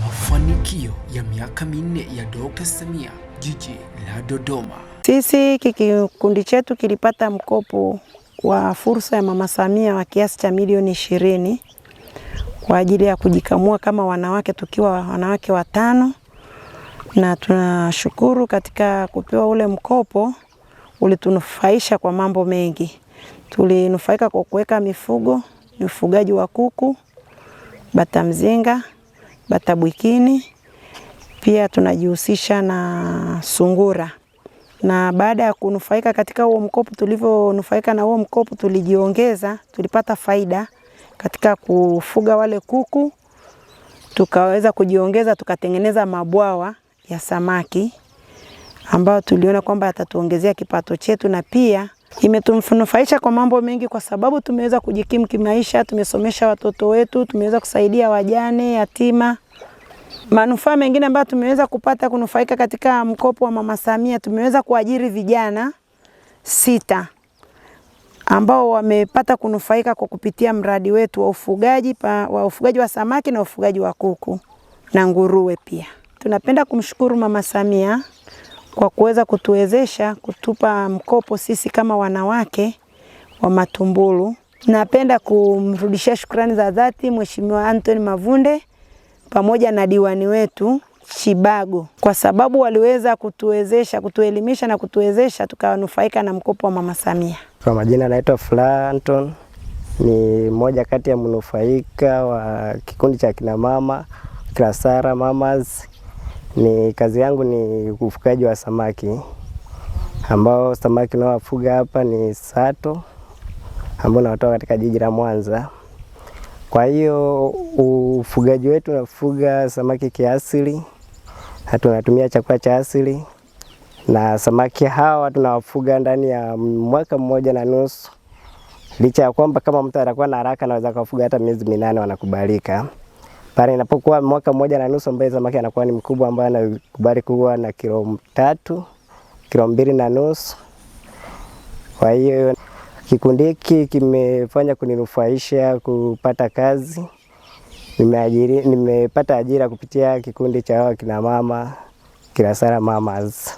Mafanikio ya miaka minne ya Dr. Samia jiji la Dodoma. Sisi kikundi chetu kilipata mkopo wa fursa ya Mama Samia wa kiasi cha milioni ishirini kwa ajili ya kujikamua kama wanawake, tukiwa wanawake watano, na tunashukuru katika kupewa ule mkopo ulitunufaisha kwa mambo mengi. Tulinufaika kwa kuweka mifugo, ni ufugaji wa kuku, bata mzinga batabwikini, pia tunajihusisha na sungura. Na baada ya kunufaika katika huo mkopo, tulivyonufaika na huo mkopo, tulijiongeza, tulipata faida katika kufuga wale kuku, tukaweza kujiongeza, tukatengeneza mabwawa ya samaki ambayo tuliona kwamba yatatuongezea kipato chetu, na pia imetumfunufaisha kwa mambo mengi, kwa sababu tumeweza kujikimu kimaisha, tumesomesha watoto wetu, tumeweza kusaidia wajane, yatima Manufaa mengine ambayo tumeweza kupata kunufaika katika mkopo wa Mama Samia, tumeweza kuajiri vijana sita ambao wamepata kunufaika kwa kupitia mradi wetu wa ufugaji pa, wa ufugaji wa samaki na ufugaji wa kuku na nguruwe pia. Tunapenda kumshukuru Mama Samia kwa kuweza kutuwezesha kutupa mkopo sisi kama wanawake wa Matumbulu. Napenda kumrudishia shukrani za dhati Mheshimiwa Anthony Mavunde pamoja na diwani wetu Chibago kwa sababu waliweza kutuwezesha, kutuelimisha na kutuwezesha tukawanufaika na mkopo wa Mama Samia. Kwa majina naitwa Furaha Anton, ni mmoja kati ya mnufaika wa kikundi cha kina mama Krasara Mamas. Ni kazi yangu ni ufugaji wa samaki, ambao samaki unaowafuga hapa ni sato ambao natoa katika jiji la Mwanza. Kwa hiyo ufugaji wetu unafuga samaki kiasili, tunatumia chakula cha asili na samaki hawa tunawafuga ndani ya mwaka mmoja na nusu. Licha ya kwamba kama mtu atakuwa na haraka anaweza kufuga hata miezi minane, wanakubalika pale inapokuwa mwaka mmoja na nusu, ambaye samaki anakuwa ni mkubwa, ambaye anakubali kuwa na kilo tatu, kilo mbili na nusu. Kwa hiyo Kikundi hiki kimefanya kuninufaisha kupata kazi. Nimeajiri, nimepata ajira kupitia kikundi cha kina mama Kirasara Mamas.